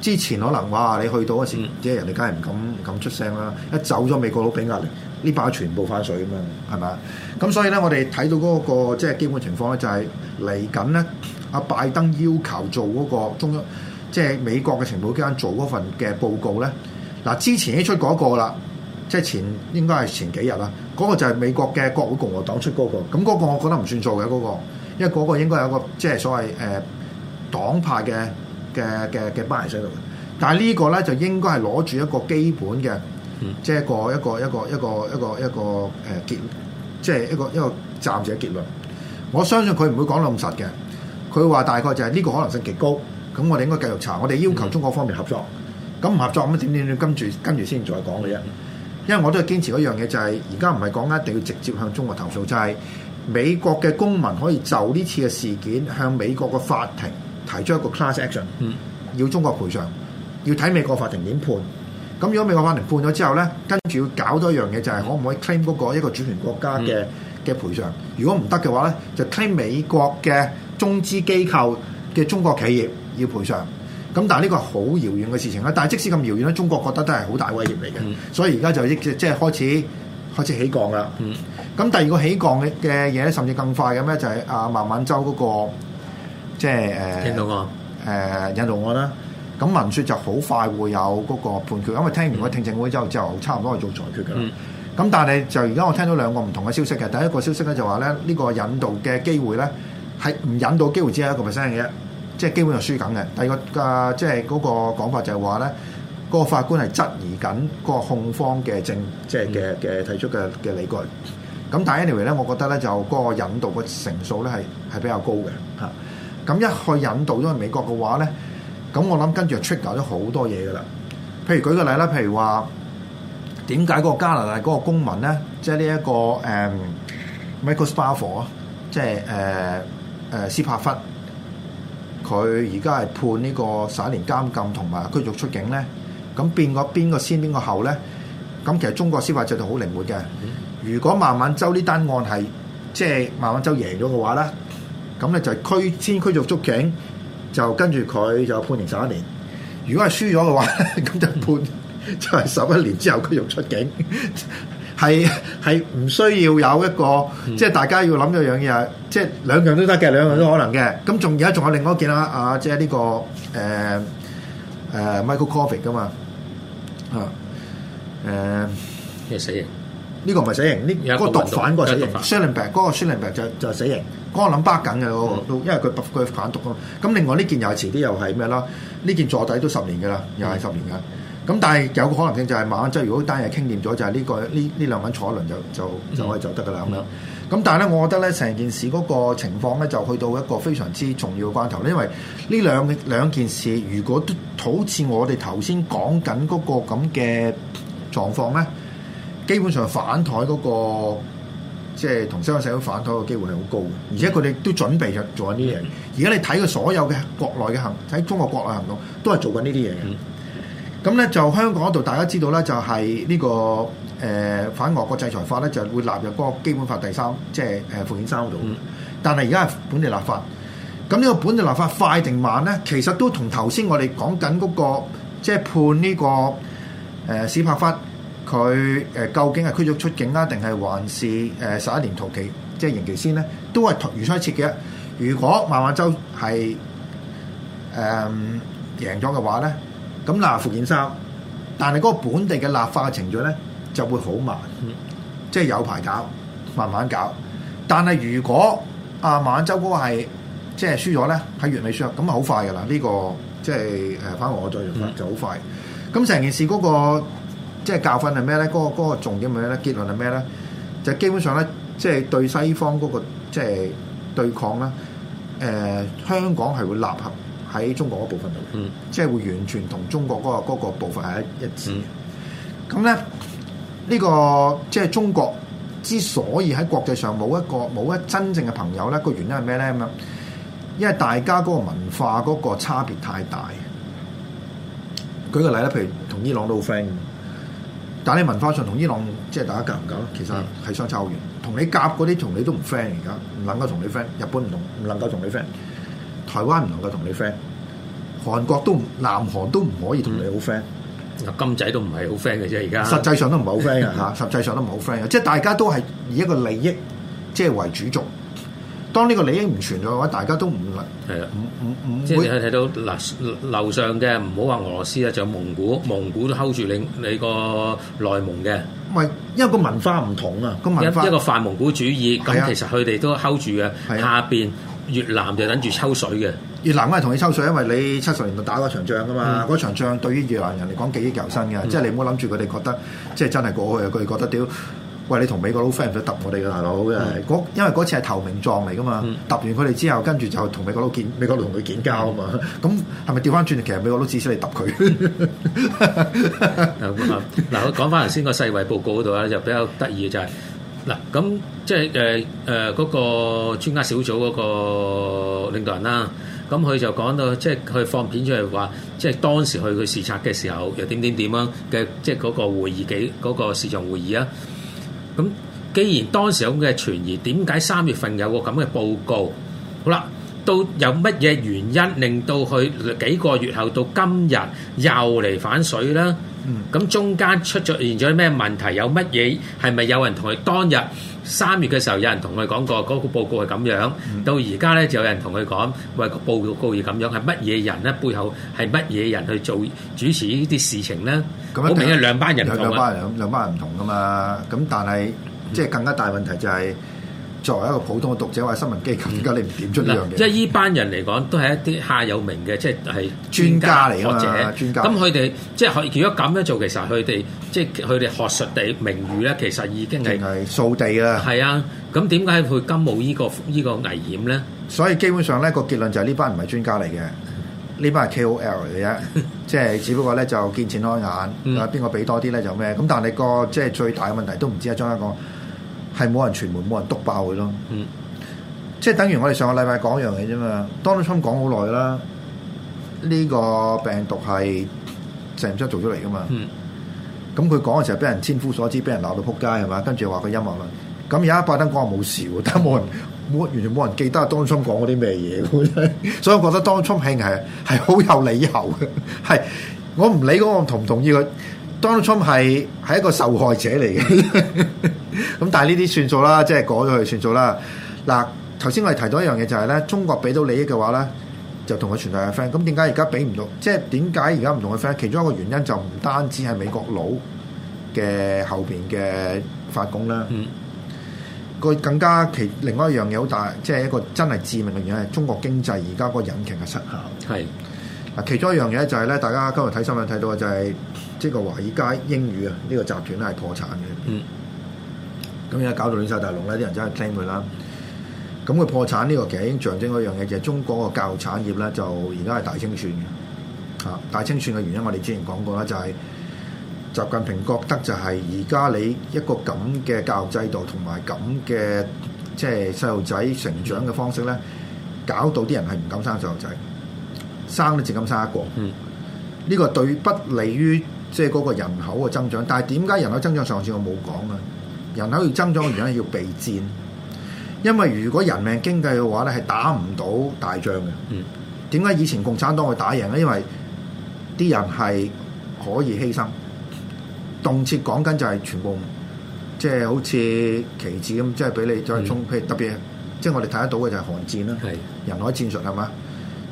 之前可能哇，你去到嗰時，即係、嗯、人哋梗係唔敢唔敢出聲啦。一走咗美國佬俾壓力，呢把全部翻水咁樣，係咪？咁所以咧，我哋睇到嗰、那個即係、就是、基本情況咧、就是，就係嚟緊咧。阿拜登要求做嗰、那個中央，即係美國嘅情報機關做嗰份嘅報告咧。嗱，之前已經出過一個啦，即係前應該係前幾日啦。嗰、那個就係美國嘅國會共和黨出嗰、那個，咁、那、嗰個我覺得唔算做嘅嗰、那個，因為嗰個應該有個即係所謂誒、呃、黨派嘅嘅嘅嘅 bias 喺度。但係呢個咧就應該係攞住一個基本嘅，即係一個一個一個一個一個一個誒、呃、結，即係一個一個，一個暫時嘅結論。我相信佢唔會講得咁實嘅。佢話大概就係呢個可能性極高，咁我哋應該繼續查。我哋要求中國方面合作，咁唔、嗯、合作咁點點點跟住跟住先再講嘅啫。因為我都係堅持一樣嘢、就係，就係而家唔係講緊一定要直接向中國投訴，就係、係、美國嘅公民可以就呢次嘅事件向美國嘅法庭提出一個 class action，、嗯、要中國賠償，要睇美國法庭點判。咁如果美國法庭判咗之後呢，跟住要搞多一樣嘢、就係，就係可唔可以 claim 嗰個一個主權國家嘅嘅賠償？如果唔得嘅話呢，就 claim 美國嘅。中資機構嘅中國企業要賠償，咁但係呢個好遙遠嘅事情啦。但係即使咁遙遠咧，中國覺得都係好大威脅嚟嘅，嗯、所以而家就益即係開始開始起降啦。咁、嗯、第二個起降嘅嘢咧，甚至更快嘅咩就係、是、啊，孟晚舟嗰、那個即係誒、呃呃、引渡案啦。咁聞説就好快會有嗰個判決，因為聽完個聽證會之後，嗯、就差唔多去做裁決㗎啦。咁、嗯、但係就而家我聽到兩個唔同嘅消息嘅，第一個消息咧就話咧呢、這個引渡嘅機會咧。係唔引導機會只係一個 percent 嘅，即係基本上輸緊嘅。第二個啊，即係嗰個講法就係話咧，嗰個法官係質疑緊個控方嘅證，即係嘅嘅提出嘅嘅理據。咁、嗯、但係 anyway 咧，我覺得咧就嗰個引導個成數咧係比較高嘅吓。咁是的 一去引導咗去美國嘅話咧，咁我諗跟住 trigger 咗好多嘢噶啦。譬如舉個例啦，譬如話點解個加拿大嗰個公民咧，即係呢一個 Michael Spavor 啊，嗯 Microsoft, 即係、呃誒、呃、斯帕弗，佢而家係判呢個十一年監禁同埋驅逐出境咧，咁變個邊個先邊個後咧？咁其實中國司法制度好靈活嘅。如果孟晚舟呢單案係即係孟晚舟贏咗嘅話咧，咁咧就驅先驅逐，就係、逐出境，就跟住佢就判刑十一年。如果係輸咗嘅話，咁就判就係十一年之後驅逐出境。係，係唔需要有一個，即係大家要諗一樣嘢，即係兩樣都得嘅，兩樣都可能嘅。咁仲而家仲有另外一件啦，啊，即係呢個誒誒 Michael Covid 㗎嘛，啊係死刑。呢個唔係死刑，呢個毒販過死刑。Schellenberg 病嗰個 Schellenberg 病，就就死刑，嗰個諗巴緊嘅因為佢佢販毒啊。咁另外呢件又係遲啲又係咩啦？呢件坐底都十年㗎喇，又係十年㗎。咁但係有個可能性就係，萬一即係如果單嘢傾掂咗，就係、是、呢、這個呢呢兩個人坐一輪就就就可以走得噶啦咁樣。咁、嗯嗯、但係咧，我覺得咧，成件事嗰個情況咧，就去到一個非常之重要嘅關頭。因為呢兩兩件事，如果都好似我哋頭先講緊嗰個咁嘅狀況咧，基本上反台嗰、那個即係同西方社會反台嘅機會係好高，而且佢哋都準備咗做緊呢啲嘢。而家你睇佢所有嘅國內嘅行動，喺中國國內行動，都係做緊呢啲嘢。咁咧就香港嗰度，大家知道咧、這個，就係呢個誒反外國制裁法咧，就會納入嗰個基本法第三，即係誒附件三嗰度。但係而家係本地立法。咁呢個本地立法快定慢咧，其實都同頭先我哋講緊嗰個，即、就、係、是、判呢、這個誒、呃、史柏發佢誒、呃、究竟係驅逐出境啦、啊，定係還是誒、呃、十一年徒期，即係刑期先咧，都係如出一轍嘅。如果孟晚舟係誒贏咗嘅話咧，咁嗱，服件衫，但係嗰個本地嘅立法程序咧就會好慢，即、就、係、是、有排搞，慢慢搞。但係如果阿孟晚舟嗰個係即係輸咗咧，喺月尾輸咁啊，好快噶啦，呢、這個即係誒翻我再入就好快。咁成、嗯、件事嗰、那個即係、就是、教訓係咩咧？嗰、那個、那個重點係咩咧？結論係咩咧？就是、基本上咧，即、就、係、是、對西方嗰、那個即係、就是、對抗呢，誒、呃，香港係會立法。喺中國嗰部分度，嗯、即係會完全同中國嗰個部分係一一致嘅。咁咧、嗯，咁呢、呢個即係、就是、中國之所以喺國際上冇一個冇一真正嘅朋友咧，個原因係咩咧咁啊？因為大家嗰個文化嗰個差別太大。舉個例啦，譬如同伊朗都好 friend，、嗯、但係你文化上同伊朗即係大家夾唔夾？其實係相差好遠。同你夾嗰啲同你都唔 friend 而家，唔能夠同你 friend，唔同，唔能夠同你 friend。日本唔同，唔能夠同你 friend。台灣唔能夠同你 friend，韓國都南韓都唔可以同你好 friend，、嗯、金仔都唔係好 friend 嘅啫。而家實際上都唔好 friend 嘅吓， [laughs] 實際上都唔好 friend 嘅，即係大家都係以一個利益即係為主軸。當呢個利益唔存在嘅話，大家都唔能。係啊的，唔唔唔會睇睇到嗱，樓上嘅唔好話俄羅斯啊，仲有蒙古蒙古都 hold 住你你個內蒙嘅。唔因為個文化唔同啊，一個一個泛蒙古主義咁，的其實佢哋都 hold 住嘅。的下邊。越南就等住抽水嘅，越南我係同你抽水，因為你七十年代打過場仗啊嘛，嗰、嗯、場仗對於越南人嚟講記憶猶新嘅、嗯，即係你唔好諗住佢哋覺得即係真係過去啊，佢哋覺得屌，喂你同美國佬 friend 唔都揼我哋嘅大佬嘅，因為嗰次係投名狀嚟噶嘛，揼、嗯、完佢哋之後，跟住就同美國佬見，美國佬同佢建交啊嘛，咁係咪調翻轉？其實美國佬至少嚟揼佢。嗱、 [laughs] 嗯，我、嗯嗯嗯、講翻頭先個世衞報告嗰度咧，就比較得意嘅就係、是。嗱，咁即係誒誒嗰個專家小組嗰個領導人啦，咁佢就講到，即係佢放片出嚟話，即係當時去佢視察嘅時候，又點點點樣嘅，即係嗰個會議幾嗰個市場會議啊。咁既然當時有咁嘅傳言，點解三月份有個咁嘅報告？好啦，到有乜嘢原因令到佢幾個月後到今日又嚟反水咧？咁中間出咗現咗咩問題？有乜嘢，係咪有人同佢當日三月嘅時候有人同佢講過嗰個報告係咁樣？到而家咧，就有人同佢講喂，個報告係咁樣，係乜嘢人咧？背後係乜嘢人去做主持呢啲事情咧？好明顯兩班人兩班人兩班人唔同噶嘛。咁但係即係更加大問題就係。作為一個普通嘅讀者或者新聞機構，而家你唔點出呢樣嘢？即係呢班人嚟講，都係一啲下有名嘅，即係係專家嚟嘅嘛？專家。咁佢哋即係如果咁樣做，其實佢哋即係佢哋學術嘅名譽咧，其實已經係掃地啦。係啊，咁點解佢甘冒呢、呢個呢、呢個危險咧？所以基本上咧，個結論就係呢班唔係專家嚟嘅，呢班係 K O L 嚟嘅， [laughs] 即係只不過咧就見錢開眼，啊邊、嗯邊個俾多啲咧就咩？咁但係你個即係最大嘅問題都唔知係將一個。係冇人傳媒，冇人篤爆佢咯。嗯，即係等於我哋上個禮拜講一樣嘢啫嘛。Donald Trump 講好耐啦，呢個病毒係成唔做出嚟噶嘛。嗯，咁佢講嘅時候，俾人千夫所指，俾人鬧到撲街係嘛，跟住話佢陰謀論啦。咁而家拜登講話冇事喎，但係冇人冇完全冇人記得 Donald Trump 講嗰啲咩嘢。所以，所以我覺得 Donald Trump 梗係好有理由嘅。係我唔理嗰個同唔同意佢。Donald Trump 係係一個受害者嚟嘅，咁但係呢啲算數啦，即係改咗佢算數啦。嗱，頭先我哋提到一樣嘢就係咧，中國俾到利益嘅話咧，就同佢全都係 friend。咁點解而家俾唔到？即係點解而家唔同佢 friend？其中一個原因就唔單止係美國佬嘅後邊嘅發功啦。嗯，個更加其另外一樣嘢好大，即係一個真係致命嘅嘢係中國經濟而家個引擎嘅失效。係。啊，其中一樣嘢就係咧，大家今日睇新聞睇到嘅就係，即係個華爾街英語啊，呢個集團咧係破產嘅。嗯。咁而家搞到亂晒大龍咧，啲人真係驚佢啦。咁佢破產呢個其實已經象徵一樣嘢，就係中國個教育產業咧就而家係大清算嘅。吓，大清算嘅原因，我哋之前講過啦，就係習近平覺得就係而家你一個咁嘅教育制度同埋咁嘅即係細路仔成長嘅方式咧，搞到啲人係唔敢生細路仔。生都只咁生一個，呢、嗯、個，對不利於即係嗰個人口嘅增長。但係點解人口增長上次我冇講啊？人口要增長嘅原因係要備戰，因為如果人命經濟嘅話咧，係打唔到大仗嘅。點解、嗯、以前共產黨會打贏咧？因為啲人係可以犧牲，動輒講緊就係全部即係、就是、好似棋子咁，即係俾你再衝、嗯、特別即係、就是、我哋睇得到嘅就係韓戰啦，嗯、人海戰術係嘛？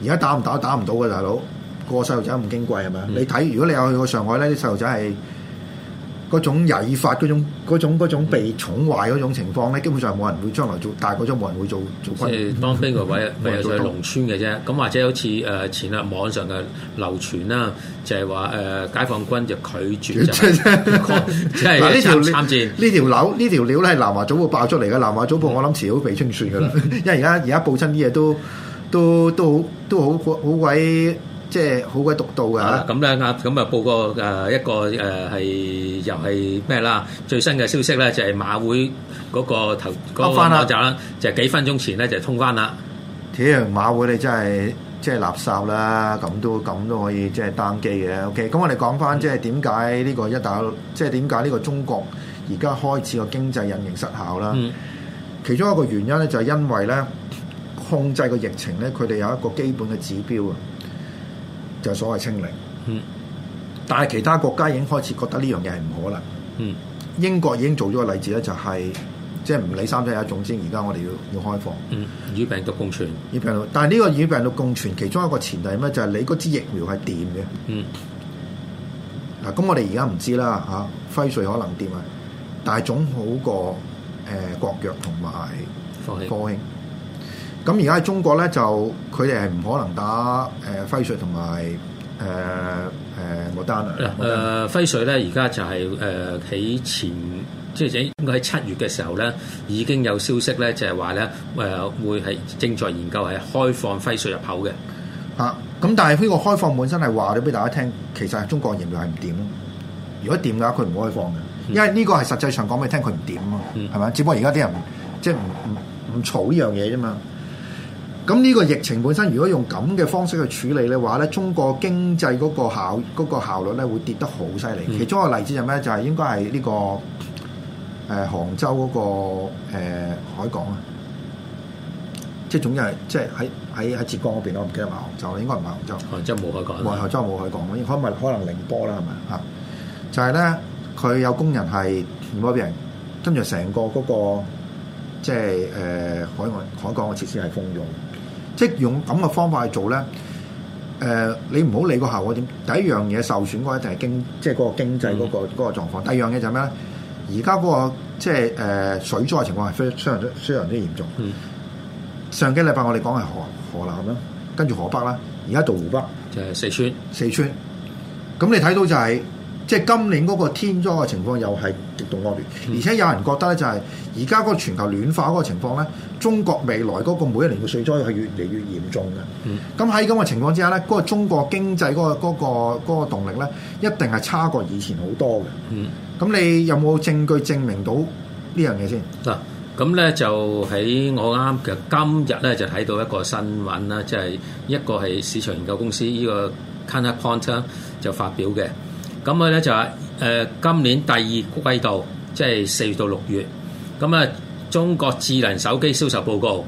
而家打唔打都打唔到嘅，大佬，個細路仔咁矜貴係咪？嗯、你睇，如果你有去過上海咧，啲細路仔係嗰種違法嗰種、種種被寵壞嗰種情況咧，嗯、基本上冇人會將來做，大個咗冇人會做做即係當兵個位，咪又係在農村嘅啫。咁或者好似誒前日網上嘅流傳啦，就係話誒解放軍就拒絕、就是，即係、 [laughs] 就是、參條參戰。呢條樓呢條料咧係南華早報爆出嚟嘅，南華早報、嗯、我諗遲早被清算㗎啦，嗯、因為而家而家報親啲嘢都。都都好都好鬼好鬼即係好鬼獨到噶嚇咁咧啊咁啊報個誒一個誒係又係咩啦最新嘅消息咧就係馬會嗰個頭嗰個頭就啦就幾分鐘前咧就通翻啦！屌馬會你真係即係垃圾啦！咁都咁都可以即係 down 機嘅 OK。咁我哋講翻即係點解呢個一打即係點解呢個中國而家開始個經濟隱形失效啦？其中一個原因咧就係因為咧。控制個疫情咧，佢哋有一個基本嘅指標啊，就係、是、所謂清零。嗯，但係其他國家已經開始覺得呢樣嘢係唔可能。嗯，英國已經做咗個例子咧、就是，就係即係唔理三劑一種先。而家我哋要要開放。嗯，與病毒共存，與病毒，但係呢個與病毒共存，其中一個前提係咩？就係你嗰支疫苗係掂嘅。嗯。嗱，咁我哋而家唔知啦嚇，輝瑞可能掂啊，但係總好過誒、呃、國藥同埋科興。科興。咁而家喺中國咧，就佢哋係唔可能打誒輝瑞同埋誒誒摩丹啊。誒輝瑞咧，而、呃、家、呃、就係誒喺前即係喺應該喺七月嘅時候咧，已經有消息咧，就係話咧誒會係正在研究係開放輝瑞入口嘅嚇。咁、啊、但係呢個開放本身係話咗俾大家聽，其實係中國仍然係唔掂。如果掂嘅話，佢唔會開放嘅，嗯、因為呢個係實際上講俾你聽佢唔掂啊，係嘛？不嗯、只不過現在、就是、不不不吵這而家啲人即係唔唔唔嘈呢樣嘢啫嘛。咁呢個疫情本身，如果用咁嘅方式去處理嘅話咧，中國經濟嗰個效嗰個效率咧會跌得好犀利。其中一個例子係咩就係、是、應該係呢個誒、呃、杭州嗰、那個、呃、海港啊，即係總之係即係喺喺喺浙江嗰邊，我唔記得係咪杭州，應該唔係杭州。杭州冇海港。冇杭州冇海港，咯沒，可唔係可能寧波啦，係咪啊？就係、是、咧，佢有工人係染咗病，跟住成個嗰、那個即係誒、呃、海外海港嘅設施係封咗。即用咁嘅方法去做咧，誒、呃，你唔好理個效果點。第一樣嘢受損嘅話就係經，即係嗰個經濟嗰、嗰個嗰、嗰個、狀況。嗯、第二樣嘢就係咩咧？而家嗰個即係誒、呃、水災情況係非常之非常之嚴重。嗯、上幾禮拜我哋講係河河南啦，跟住河北啦，而家到湖北，就係四,四川。四川。咁你睇到就係、是。即係今年嗰個天災嘅情況又係極度惡劣，嗯、而且有人覺得咧就係而家嗰個全球暖化嗰個情況咧，中國未來嗰個每一年嘅水災係越嚟越嚴重嘅。嗯，咁喺咁嘅情況之下咧，嗰個中國經濟嗰個嗰個嗰個動力咧，一定係差過以前好多嘅。嗯，咁你有冇證據證明到呢樣嘢先？嗱、啊，咁咧就喺我啱嘅今日咧就睇到一個新聞啦，即係一個係市場研究公司呢個 Counterpoint 就發表嘅。咁佢咧就話誒今年第二季度，即係四月到六月，咁啊中國智能手機銷售報告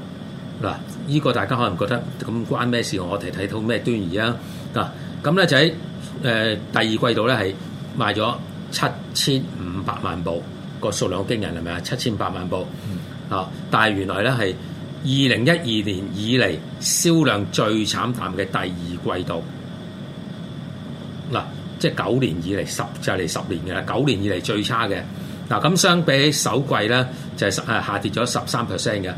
嗱，呢個大家可能覺得咁關咩事？我哋睇到咩端倪啊？嗱，咁咧就喺誒第二季度咧係賣咗七千五百萬部，個數量驚人係咪啊？七千八萬部啊！嗯、但係原來咧係二零一二年以嚟銷量最慘淡嘅第二季度嗱。即係九年以嚟十就係嚟十年嘅啦，九年以嚟最差嘅。嗱咁相比起首季咧，就係十誒下跌咗十三 percent 嘅。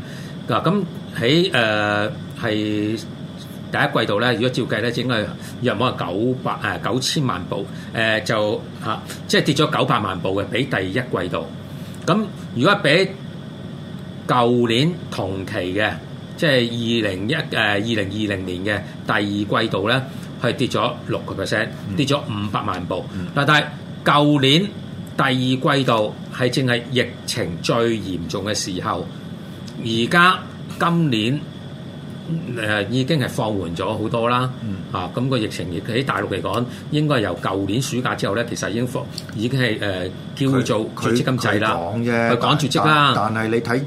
嗱咁喺誒係第一季度咧，如果照計咧，整係約莫九百誒九千萬部誒就嚇，即係跌咗九百萬部嘅，比第一季度。咁如果比舊年同期嘅，即係二零一誒二零二零年嘅第二季度咧。係跌咗六個 percent，跌咗五百萬部。但係舊年第二季度係正係疫情最嚴重嘅時候，而家今年誒已經係放緩咗好多啦。啊，咁個疫情亦喺大陸嚟講，應該由舊年暑假之後咧，其實已經放，已經係誒叫做絕跡咁滯啦，佢講絕跡啦。但係你睇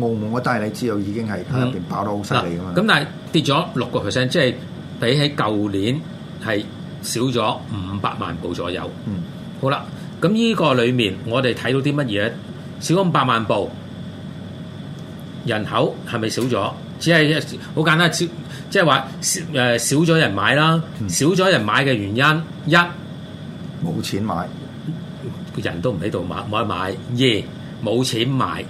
澳門，我但係你知道已經係入邊爆得好犀利㗎嘛。咁但係跌咗六個 percent，即係。比起舊年係少咗五百萬部左右，嗯好啦，好、這、啦、個，咁呢個裏面我哋睇到啲乜嘢？少咗五百萬部，人口係咪少咗？只係好簡單，即係話誒少咗、呃、人買啦，嗯、少咗人買嘅原因一冇錢買，個人都唔喺度買買買；二冇錢買，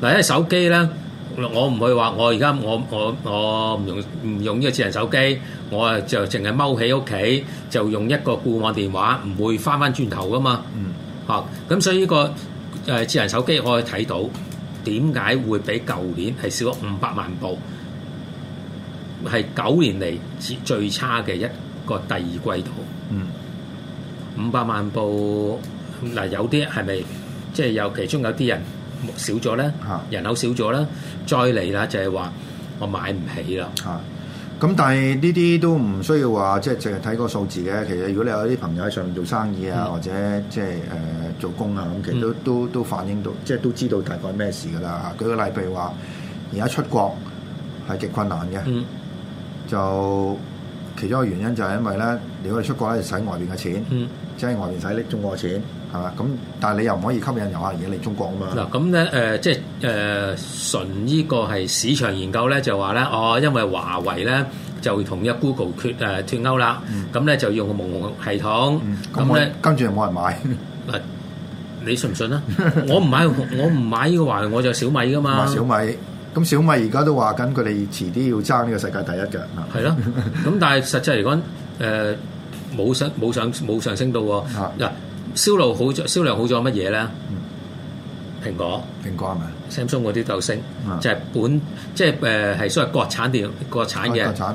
嗱，因為手機咧。我唔會話，我而家我我我唔用唔用呢個智能手機，我啊就淨係踎喺屋企，就用一個固網電話，唔會返返轉頭㗎嘛。嗯，嚇，咁所以呢個誒智能手機我可以睇到點解會比舊年係少咗五百萬部，係九年嚟最最差嘅一個第二季度。嗯，五百萬部嗱，有啲係咪即係有其中有啲人？少咗咧，人口少咗咧，啊、再嚟啦就係、是、話我買唔起啦。咁、啊、但係呢啲都唔需要話即係淨係睇個數字嘅。其實如果你有啲朋友喺上面做生意啊，嗯、或者即係誒做工啊，咁其實都、嗯、都都反映到，即、就、係、是、都知道大概咩事噶啦。舉個例譬如話，而家出國係極困難嘅，嗯、就其中一個原因就係因為咧，如果你出國咧，使外邊嘅錢，即係、嗯、外邊使，拎中國嘅錢。係咁、啊、但係你又唔可以吸引遊客嘢嚟中國啊嘛？嗱咁咧即係誒、呃、純呢個係市場研究咧，就話咧哦，因為華為咧就同一 Google 缺誒脫、呃、鈎啦，咁咧、嗯、就要用個鴻蒙系統，咁咧跟住又冇人買嗱、嗯，你信唔信啊？ [laughs] 我唔買，我唔買呢個華為，我就小米噶嘛。小米咁小米而家都話緊，佢哋遲啲要爭呢個世界第一嘅，係咯、嗯。咁、嗯嗯、但係實際嚟講冇上冇、呃、上冇上升到喎嗱。嗯啊啊銷路好咗，銷量好咗乜嘢咧？呢嗯、蘋果蘋果係咪 Samsung 嗰啲就升，就係本即係所謂國產啲國產嘅，國產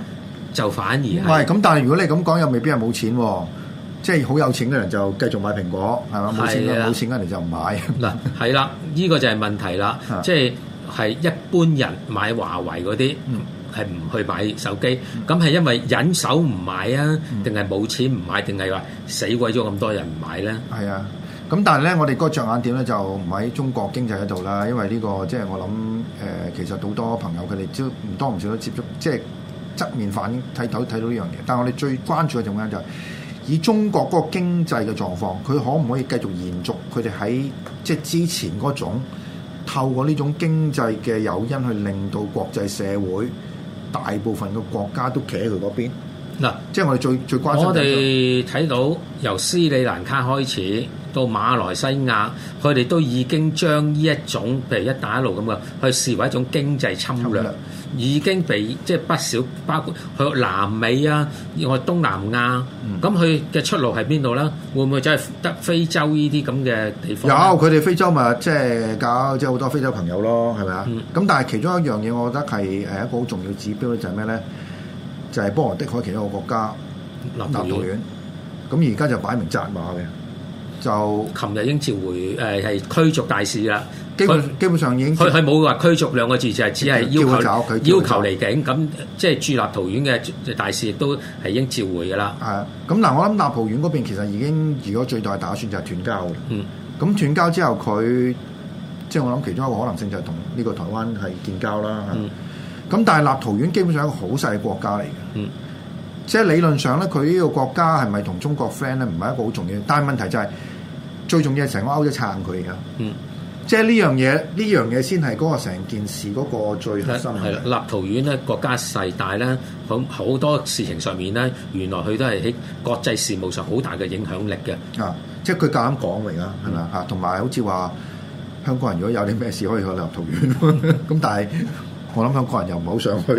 就反而係咁。但係如果你咁講，又未必係冇錢喎。即係好有錢嘅人就繼續買蘋果，係嘛？冇的錢冇錢嘅人就唔買。嗱係啦，呢、 [laughs] 呢個就係問題啦。即係係一般人買華為嗰啲。嗯係唔去買手機？咁係因為忍手唔買啊？定係冇錢唔買？定係話死鬼咗咁多人唔買咧？係啊！咁但係咧，我哋個着眼點咧就唔喺中國經濟嗰度啦。因為呢、呢個即係、就是、我諗誒、呃，其實好多朋友佢哋都唔多唔少都接觸，即、就、係、是、側面反映睇到睇到呢樣嘢。但係我哋最關注嘅陣間就係、是、以中國嗰個經濟嘅狀況，佢可唔可以繼續延續佢哋喺即係之前嗰種透過呢種經濟嘅誘因去令到國際社會，大部分嘅國家都企喺佢嗰邊。嗱，即係我哋最最關心我哋睇到由斯里蘭卡開始到馬來西亞，佢哋都已經將呢一種，譬如一帶一路咁嘅，去視為一種經濟侵略，侵略已經被即係不少，包括去南美啊、我東南亞，咁佢嘅出路喺邊度咧？會唔會就係得非洲呢啲咁嘅地方？有，佢哋非洲咪即係搞，即係好多非洲朋友咯，係咪啊？咁、嗯、但係其中一樣嘢，我覺得係誒一個好重要指標就係咩咧？就係波羅的海其中一個國家立陶宛。咁而家就擺明責罵嘅，就琴日已經召回誒係、呃、驅逐大使啦，基本他基本上已經佢佢冇話驅逐兩個字，就係只係要求要求離境，咁即係駐立陶宛嘅大使亦都係已經召回噶啦。啊，咁嗱，我諗立陶宛嗰邊其實已經如果最大嘅打算就係斷交。嗯，咁斷交之後佢即係我諗其中一個可能性就係同呢個台灣係建交啦。嗯咁但係立陶宛基本上係一個好細嘅國家嚟嘅，嗯，即係理論上咧，佢呢個國家係咪同中國 friend 咧，唔係一個好重要。但係問題就係、是、最重要係成個歐洲撐佢噶，嗯，即係呢樣嘢，呢樣嘢先係嗰個成件事嗰個最核心的。係啦、嗯，立陶宛咧國家細，但係咧好好多事情上面咧，原來佢都係喺國際事務上好大嘅影響力嘅。嗯嗯、啊，即係佢夠膽講㗎，係咪？嚇，同埋好似話香港人如果有啲咩事，可以去立陶宛。咁、嗯、 [laughs] 但係。我諗香港人又唔係好想去，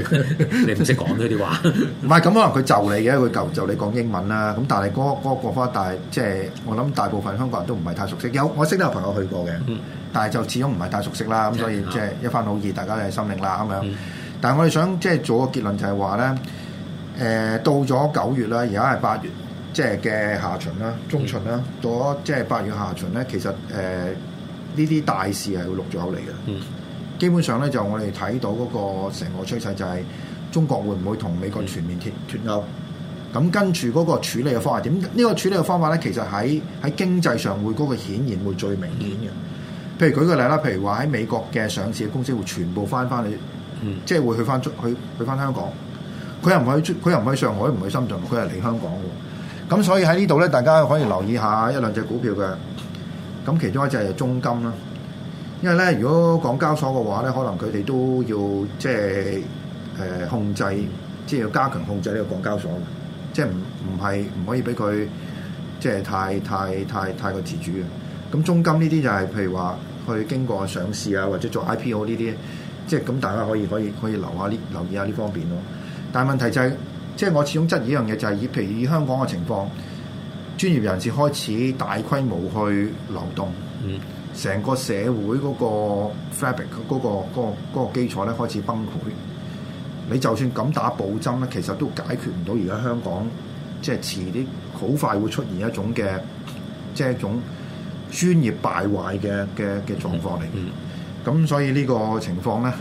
你唔識講呢啲話。唔係咁可能佢就你嘅，佢就就你講英文啦。咁但係嗰嗰個國家，但係即係我諗大部分香港人都唔係太熟悉。有我識得有朋友去過嘅，嗯、但係就始終唔係太熟悉啦。咁、嗯、所以即係、就是、一番好意，大家都心領啦咁樣。嗯、但係我哋想即係、就是、做個結論就是說、呃是，就係話咧，誒到咗九月啦，而家係八月，即係嘅下旬啦、中旬啦，嗯、到咗即係八月下旬咧，其實誒呢啲大事係會陸續嚟嘅。嗯。基本上咧就我哋睇到嗰個成個趨勢就係中國會唔會同美國全面脱脱歐？咁跟住嗰個處理嘅方法，點、這、呢個處理嘅方法咧？其實喺喺經濟上會嗰、那個顯然會最明顯嘅。譬如舉個例啦，譬如話喺美國嘅上市嘅公司會全部翻翻嚟，即係、嗯、會去翻去去翻香港。佢又唔去，佢又唔去上海，唔去深圳，佢係嚟香港喎。咁所以喺呢度咧，大家可以留意一下一兩隻股票嘅。咁其中一隻係中金啦。因為咧，如果港交所嘅話咧，可能佢哋都要即係誒、呃、控制，即係要加強控制呢個港交所嘅，即係唔唔係唔可以俾佢即係太太太太過自主嘅。咁中金呢啲就係譬如話去經過上市啊，或者做 IPO 呢啲，即係咁大家可以可以可以留下呢留意下呢方面咯。但係問題就係，即係我始終質疑一樣嘢，就係以譬如以香港嘅情況，專業人士開始大規模去流動。嗯。成個社會嗰個 fabric 嗰個嗰個嗰個基礎咧開始崩潰，你就算咁打暴針咧，其實都解決唔到而家香港即係遲啲好快會出現一種嘅即係一種專業敗壞嘅嘅嘅狀況嚟。咁、嗯、所以呢個情況咧，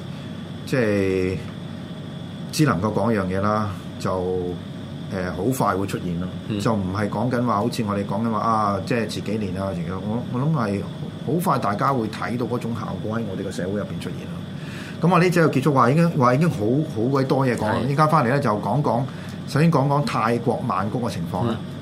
即係只能夠講一樣嘢啦，就誒好快會出現咯，嗯、就唔係講緊話好似我哋講緊話啊，即係遲幾年啊，我我諗係。好快大家會睇到嗰種效果喺我哋個社會入面出現啦。咁我呢節就結束話已經話已經好好鬼多嘢講啦。依家翻嚟咧就講講，首先講講泰國曼谷嘅情況啦。嗯